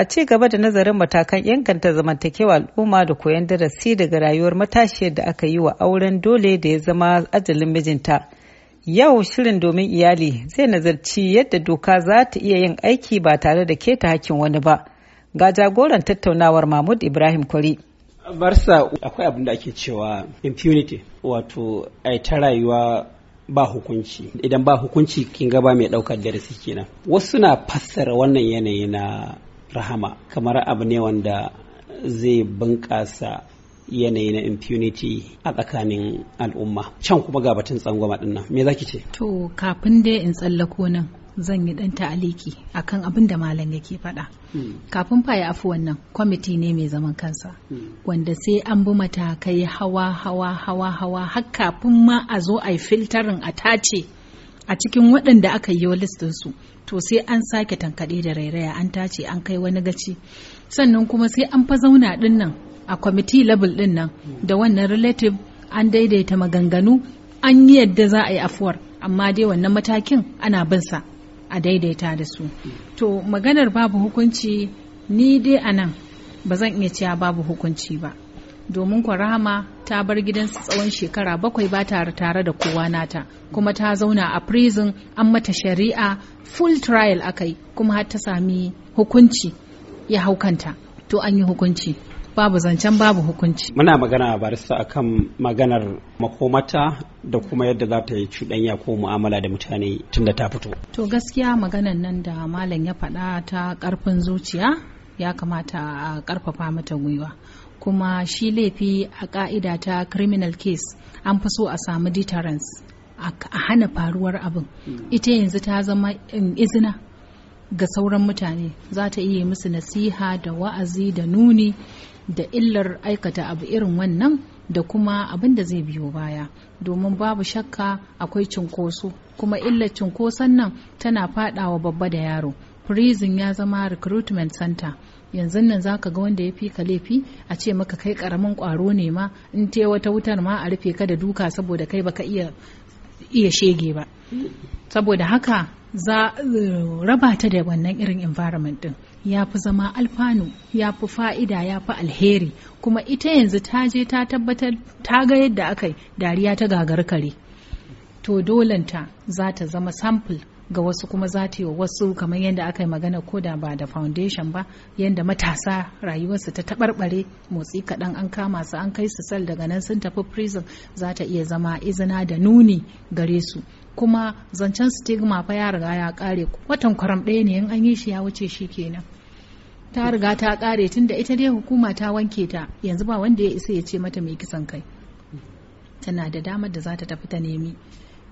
a ci gaba da nazarin matakan inganta zamantakewa al'umma da koyon darasi daga rayuwar matashiyar da aka yi wa auren dole da ya zama ajalin mijinta yau shirin domin iyali zai nazarci yadda doka za ta iya yin aiki ba tare da keta hakkin wani ba ga jagoran tattaunawar mahmud ibrahim kwari barsa akwai abin da ake cewa impunity wato ai ta rayuwa ba hukunci idan ba hukunci kin gaba mai daukar darasi kenan wasu na fassara wannan yanayi na rahama kamar abu ne wanda zai bunƙasa yanayi na impunity a tsakanin al'umma can kuma ga batun tsangwama din nan me zaki ce to kafin dai in tsallako nan zan yi dan ta'aliki akan abin da malam yake faɗa hmm. kafin fa ya afi wannan kwamiti ne mai zaman kansa hmm. wanda sai an bi matakai hawa hawa hawa hawa har kafin ma a zo a yi filtarin a tace a cikin waɗanda aka yi listin su to sai an sake tankaɗe da rairaya an tace an kai wani gaci sannan kuma sai an fa zauna ɗin nan a kwamiti level ɗin nan da wannan relative an daidaita maganganu an yi yadda za a yi afuwar amma dai wannan matakin ana bin sa a daidaita da su to maganar babu hukunci ni dai anan bazan ba zan iya cewa babu hukunci ba domin kwa rahama ta bar gidansa tsawon shekara bakwai ba tare tare da kowa nata kuma ta zauna a prison an mata shari'a full trial akai kuma har ta sami hukunci ya haukanta to an yi hukunci babu zancen babu hukunci muna magana a barista akan maganar makomata da kuma yadda za ta yi cuɗanya ko mu'amala da mutane tun da ta fito to gaskiya maganan nan da malam ya faɗa ta ƙarfin zuciya ya kamata a ƙarfafa mata gwiwa kuma shi laifi a ka'ida ta criminal case an fi so a samu deterrence a hana faruwar abin hmm. ita yanzu ta zama um, izina ga sauran mutane za ta iya musu nasiha da wa'azi da nuni da illar aikata abu irin wannan da kuma abin da zai biyo baya domin babu shakka akwai cinkoso kuma illar cinkoson nan tana fadawa babba da yaro prison ya zama recruitment center yanzu nan za ka ga wanda ya fi ka laifi a ce maka kai karamin kwaro ne ma in te wata wutar ma a rufe ka da duka saboda kai baka iya iya shege ba saboda haka za raba ta da wannan irin environment din ya fi zama alfanu ya fi fa'ida ya fi alheri kuma ita yanzu ta je ta tabbatar ta ga yadda aka yi dariya ta gagar kare to dolanta za ta zama sample ga wasu kuma za ta yi wasu kamar yadda aka yi magana ko da ba da foundation ba yadda matasa rayuwarsu ta taɓarɓare motsi kaɗan an kama su an kai su sal daga nan sun tafi prison za ta iya zama izina da nuni gare su kuma zancen stigma fa ya riga ya ƙare watan kwaram ɗaya ne in an yi shi ya wuce shi kenan ta riga ta ƙare tunda ita dai hukuma ta wanke ta yanzu ba wanda ya isa ya ce mata mai kisan kai tana da damar da za ta tafi ta nemi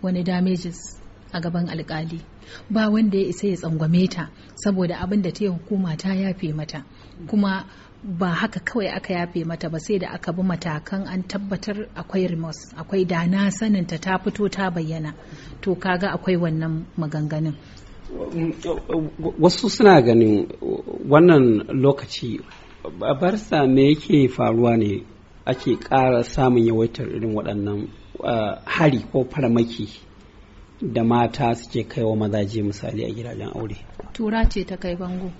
wani damages a gaban alkali ba wanda ya isa ya tsangwame ta saboda abin da ta hukuma ta yafe mata kuma ba haka kawai aka yafe mata ba sai da aka bi matakan an tabbatar akwai remus akwai dana saninta ta fito ta bayyana to kaga akwai wannan maganganun wasu suna ganin wannan lokaci barsa me yake faruwa ne ake ƙara samun yawaitar irin waɗannan eh, hari ko faramaki da mata suke kai wa mazaje misali a gidajen aure tura ce ta kai bango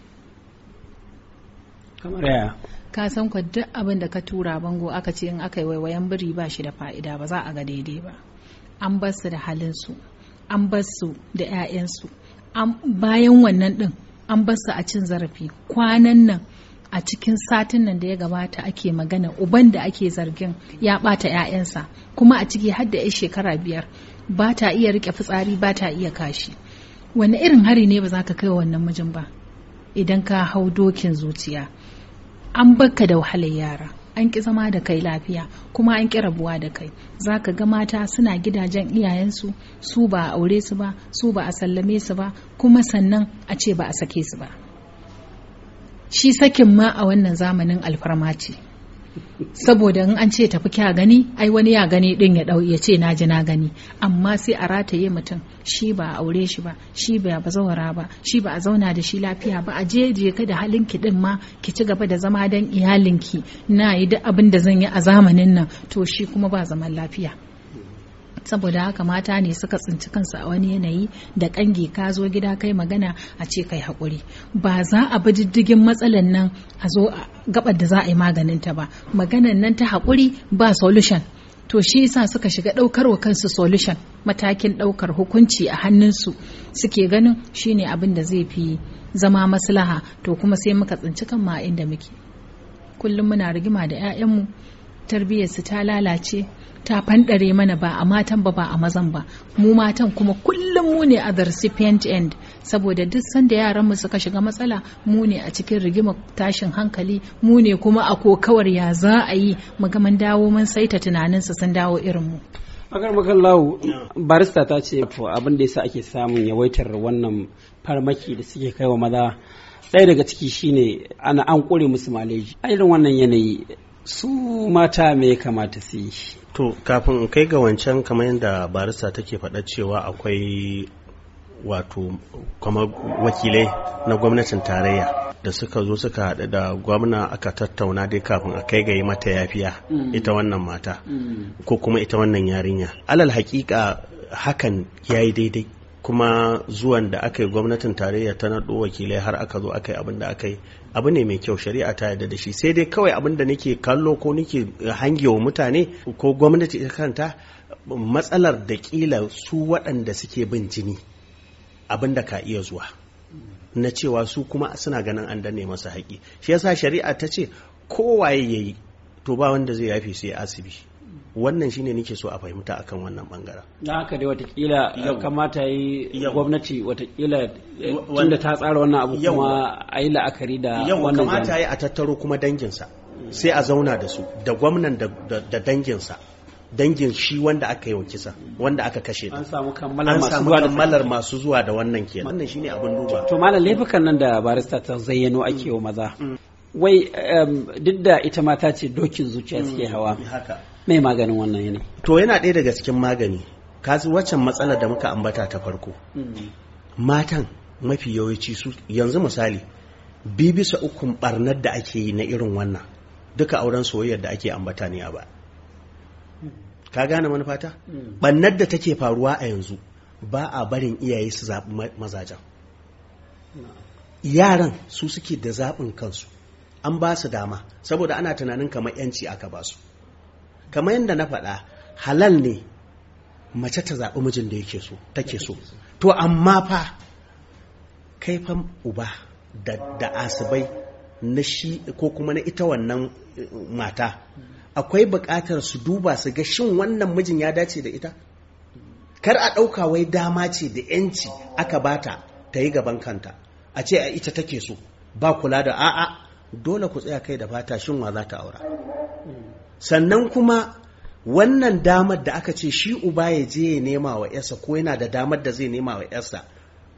kamar yaya ka san ku duk abin da ka tura bango aka ce in aka yi waiwayen biri ba shi da fa'ida ba za a ga daidai ba an bar su da halinsu an bar su da 'ya'yansu bayan wannan din an bar su a cin zarafi kwanan nan a cikin satin nan da ya gabata ake magana uban da ake zargin ya bata 'ya'yansa kuma a ciki hadda ya shekara biyar ba ta iya rike fitsari ba ta iya kashi wani irin hari ne ba za ka kai wannan mijin ba idan ka hau dokin zuciya an baka da wahalar yara an ƙi zama da kai lafiya kuma an ƙi rabuwa da kai za ka ga mata suna gidajen iyayensu su ba a aure su ba su ba a sallame su ba kuma sannan a ce ba a sake su ba shi sakin ma a wannan zamanin alfarma ce saboda in an ce tafi kya gani ai wani ya gani din ya dau ya ce naji na gani amma sai a rataye mutum shi ba a aure shi ba shi ba ba zawara ba shi ba a zauna da shi lafiya ba a jeje ka da halin ki din ma ki ci gaba da zama dan iyalinki na yi duk abin da zan yi a zamanin nan to shi kuma ba zaman lafiya saboda haka mata ne suka tsinci kansu a wani yanayi da kange ka zo gida kai magana a ce kai haƙuri ba za a bi diddigin matsalan nan a zo gabar da za a yi maganin ta ba maganan nan ta haƙuri ba solution to shi yasa suka shiga ɗaukar wa kansu solution matakin ɗaukar hukunci a hannunsu suke ganin shine abin da zai fi zama maslaha to kuma sai muka tsinci kan ma inda muke kullum muna rigima da 'ya'yanmu tarbiyyarsu ta lalace ta fanɗare mana ba a matan ba ba a mazan ba mu matan kuma kullum mu ne a the recipient end saboda duk sanda yaran mu suka shiga matsala mu ne a cikin rigimar tashin hankali mu ne kuma a kokawar ya za a yi mu ga mun dawo mun saita tunanin su sun dawo irin mu agar lawu barista ta ce abin da yasa ake samun yawaitar wannan farmaki da suke kaiwa maza ɗaya daga ciki shine ana an kore musu maleji a irin wannan yanayi su mata me ya kamata su yi to kafin kai ga wancan kamar yadda barista take faɗa cewa akwai wato kamar wakilai na gwamnatin tarayya da suka zo suka haɗu da gwamna aka tattauna dai kafin a kai ga yi mata yafiya mm. ita wannan mata mm. ko kuma ita wannan yarinya alal hakika hakan ya yi daidai kuma zuwan da aka yi gwamnatin tarayya ta naɗo wakilai har aka zo aka yi abin da aka yi abu ne mai kyau shari'a ta yarda da shi sai dai kawai abin da nake kallo ko nake hangewa mutane ko gwamnati ta kanta matsalar da kila su waɗanda suke bin jini abin da ka iya zuwa na cewa su kuma suna ganin an danne masa haƙi shi yasa shari'a ta ce kowaye yayi to ba wanda zai yafi sai asibi wannan shine nake so a fahimta akan wannan bangaren na haka dai watakila kamata yi gwamnati watakila tunda ta tsara wannan abu kuma a yi la'akari da wannan kamata yi a tattaro kuma danginsa sai a zauna da su da gwamnan da danginsa dangin shi wanda aka yi wa kisa wanda aka kashe an samu kammalar masu zuwa da wannan kenan wannan shine abin duba to malam laifukan nan da barista ta zayyano ake wa maza mm. wai um, duk da ita mata ce dokin zuciya mm. suke hawa mai maganin wannan yana to yana ɗaya daga cikin magani kasu waccan matsalar da muka ambata ta farko mm. matan mafi yawanci su yanzu misali bi bisa ukun barnar da ake yi na irin wannan duka auren soyayyar da ake ambata ne a ba mm. ka gane manufata barnar da take faruwa a yanzu ba a barin iyaye su zaɓi mazajen yaran su suke da zaɓin kansu an ba su dama saboda ana tunanin kamar yanci aka ba su kamar yadda na faɗa halal ne mace ta zaɓi mijin da yake so take so to amma fa kaifan uba da, asibai na shi ko kuma na ita wannan eh, mata akwai buƙatar su duba su ga shin wannan mijin ya dace da ita kar a ɗauka wai dama ce da yanci aka bata ta yi gaban kanta a ce a ita take so ba kula da a'a dole ku tsaya kai da fata shin wa za ta aura sannan kuma wannan damar da aka ce shi uba ya je ya nema wa yarsa ko yana da damar da zai nema wa yarsa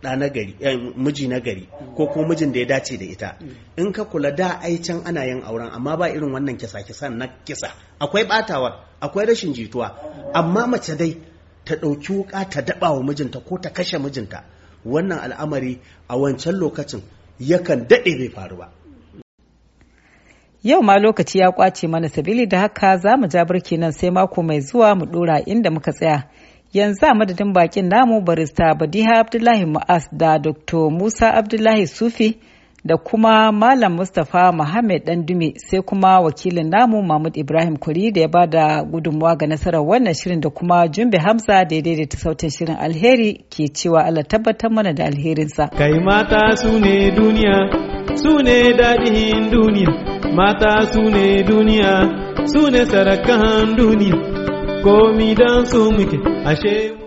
na gari eh, miji na gari ko kuma mijin da ya dace da ita in ka kula da ai can ana yin auren amma ba irin wannan kisa kisa na kisa akwai batawa akwai rashin jituwa amma mace dai ta ɗauki wuka ta daɓa wa mijinta ko ta kashe mijinta wannan al'amari a wancan lokacin yakan daɗe bai faru ba Yau ma lokaci ya kwace mana sabili da haka za mu ja birki nan sai mako mai zuwa mu dora inda muka tsaya. Yanzu a madadin bakin namu barista Badiha Abdullahi Mu'as da Dr. Musa Abdullahi Sufi. da kuma Malam Mustapha dan dume sai kuma wakilin namu Mahmud Ibrahim Kuri da ya ba da gudunmawa ga nasarar wannan shirin da kuma Jumbe Hamza da ya daidaita sautin shirin alheri ke cewa Allah tabbatar mana da alherinsa. Kai mata su ne duniya, su ne daɗin duniya, mata su ne duniya, su ne sarakan duniya, komi don su muke ashe